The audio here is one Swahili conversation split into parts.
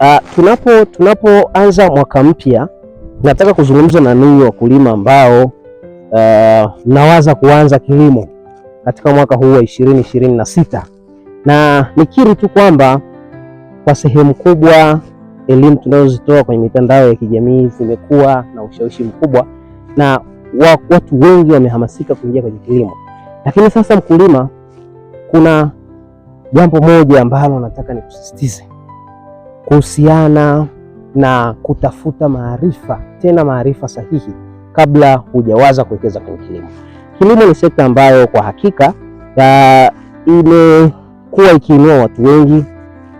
Uh, tunapo tunapoanza mwaka mpya nataka kuzungumza na ninyi wakulima ambao uh, ah, nawaza kuanza kilimo katika mwaka huu wa ishirini ishirini na sita na nikiri tu kwamba kwa sehemu kubwa elimu tunazozitoa kwenye mitandao ya kijamii zimekuwa na ushawishi mkubwa na watu wengi wamehamasika kuingia kwenye kilimo, lakini sasa mkulima, kuna jambo moja ambalo nataka nikusisitize kuhusiana na kutafuta maarifa, tena maarifa sahihi kabla hujawaza kuwekeza kwenye kilimo. Kilimo ni sekta ambayo kwa hakika imekuwa ikiinua watu wengi.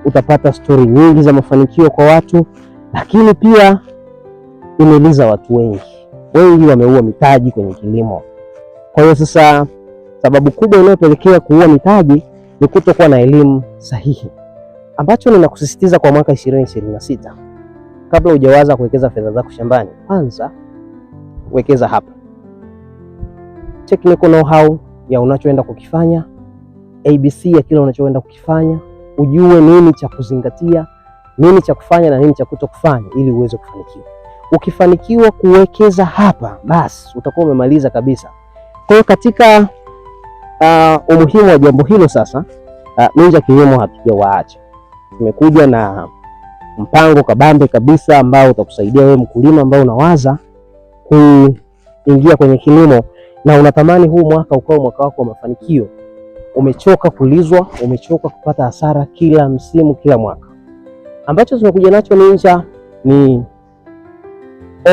Utapata stori nyingi za mafanikio kwa watu, lakini pia imeliza watu wengi. Wengi wameua mitaji kwenye kilimo. Kwa hiyo sasa, sababu kubwa inayopelekea kuua mitaji ni kutokuwa na elimu sahihi ambacho ninakusisitiza kwa mwaka 2026 kabla hujawaza kuwekeza fedha zako shambani, kwanza wekeza hapa. Technical know-how ya unachoenda kukifanya, ABC ya kile unachoenda kukifanya, ujue nini cha kuzingatia, nini cha kufanya na nini cha kutokufanya ili uweze kufanikiwa. Ukifanikiwa kuwekeza hapa, basi utakuwa umemaliza kabisa. Kwa hiyo katika uh, umuhimu wa jambo hilo sasa, uh, Minja Kilimo hatujawaacha tumekuja na mpango kabambe kabisa ambao utakusaidia wewe mkulima ambao unawaza kuingia kwenye kilimo na unatamani huu mwaka ukao mwaka wako wa mafanikio. Umechoka kulizwa, umechoka kupata hasara kila msimu, kila mwaka. Ambacho tumekuja nacho Ninja ni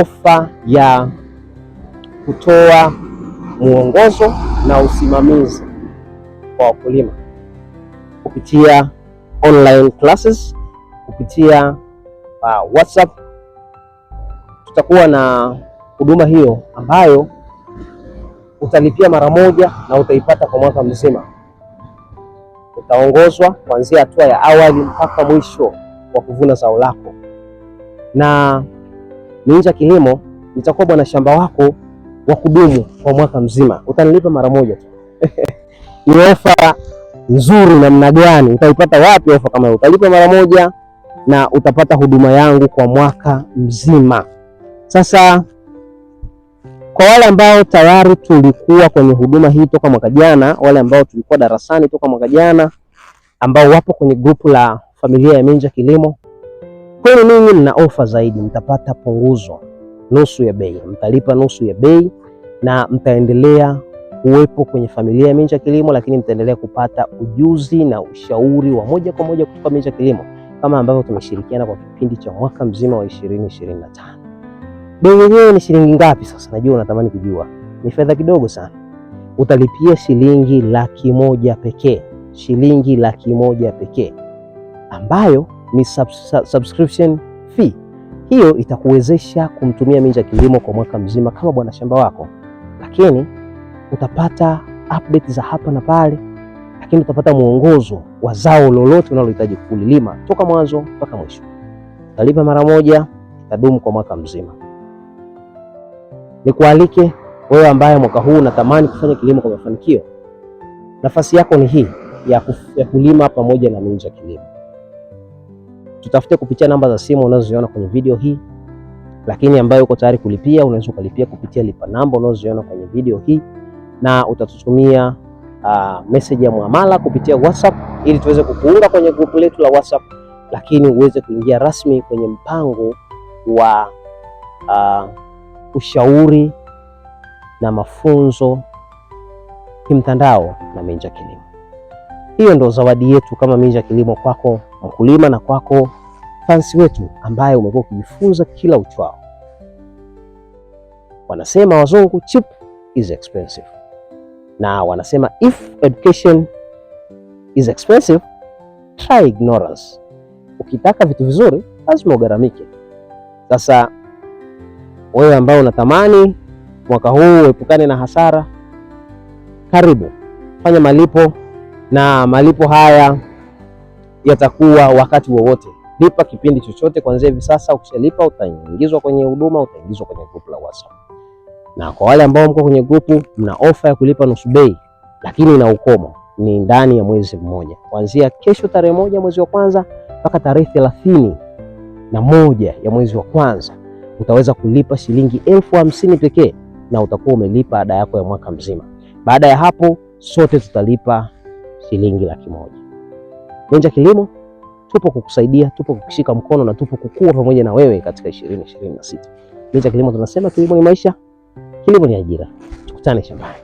ofa ya kutoa mwongozo na usimamizi kwa wakulima kupitia online classes kupitia uh, WhatsApp. Tutakuwa na huduma hiyo ambayo utalipia mara moja na utaipata kwa mwaka mzima. Utaongozwa kuanzia hatua ya awali mpaka mwisho wa kuvuna zao lako, na Minja Kilimo nitakuwa bwana shamba wako wa kudumu kwa mwaka mzima. Utanilipa mara moja tu. ni ofa nzuri namna gani, utaipata wapi ofa kama hiyo? Utalipa mara moja na utapata huduma yangu kwa mwaka mzima. Sasa kwa wale ambao tayari tulikuwa kwenye huduma hii toka mwaka jana, wale ambao tulikuwa darasani toka mwaka jana, ambao wapo kwenye grupu la familia ya Minja Kilimo, kwenu ninyi nina ofa zaidi, mtapata punguzo nusu ya bei, mtalipa nusu ya bei na mtaendelea kuwepo kwenye familia ya Minja Kilimo, lakini mtaendelea kupata ujuzi na ushauri wa moja kwa moja kutoka Minja Kilimo kama ambavyo tumeshirikiana kwa kipindi cha mwaka mzima wa 2025. Bei yenyewe ni shilingi ngapi sasa? Najua unatamani kujua. Ni fedha kidogo sana, utalipia shilingi laki moja pekee, shilingi laki moja pekee ambayo ni subs subscription fee. Hiyo itakuwezesha kumtumia Minja Kilimo kwa mwaka mzima kama bwana shamba wako, lakini utapata update za hapa na pale, lakini utapata mwongozo wa zao lolote unalohitaji kulilima toka mwanzo mpaka mwisho. Utalipa mara moja, itadumu kwa mwaka mzima. Nikualike wewe ambaye mwaka huu unatamani kufanya kilimo kwa mafanikio, nafasi yako ni hii ya, kuf, ya kulima pamoja na Minja Kilimo. Tutafute kupitia namba za simu unazoziona kwenye video hii, lakini ambayo uko tayari kulipia unaweza ukalipia kupitia lipa namba unazoziona kwenye video hii na utatutumia uh, message ya muamala kupitia WhatsApp ili tuweze kukuunga kwenye grupu letu la WhatsApp, lakini uweze kuingia rasmi kwenye mpango wa uh, ushauri na mafunzo kimtandao na Minja Kilimo. Hiyo ndo zawadi yetu kama Minja Kilimo kwako mkulima na kwako fansi wetu ambaye umekuwa ukijifunza kila uchwao. Wanasema wazungu, cheap is expensive na wanasema if education is expensive try ignorance, ukitaka vitu vizuri lazima ugaramike. Sasa wewe ambao unatamani mwaka huu uepukane na hasara, karibu fanya malipo, na malipo haya yatakuwa wakati wowote. Lipa kipindi chochote kuanzia hivi sasa. Ukishalipa utaingizwa kwenye huduma, utaingizwa kwenye grupu la WhatsApp na kwa wale ambao mko kwenye grupu mna ofa ya kulipa nusu bei, lakini ina ukomo, ni ndani ya mwezi mmoja, kuanzia kesho tarehe moja mwezi wa kwanza mpaka tarehe thelathini na moja ya mwezi wa kwanza utaweza kulipa shilingi elfu hamsini pekee na utakuwa umelipa ada yako ya mwaka mzima. Baada ya hapo sote tutalipa shilingi laki moja. Benja Kilimo tupo kukusaidia, tupo kukushika mkono na tupo kukua pamoja na wewe katika 2026. Benja Kilimo tunasema kilimo ni maisha. 你不能急了，就暂时先办。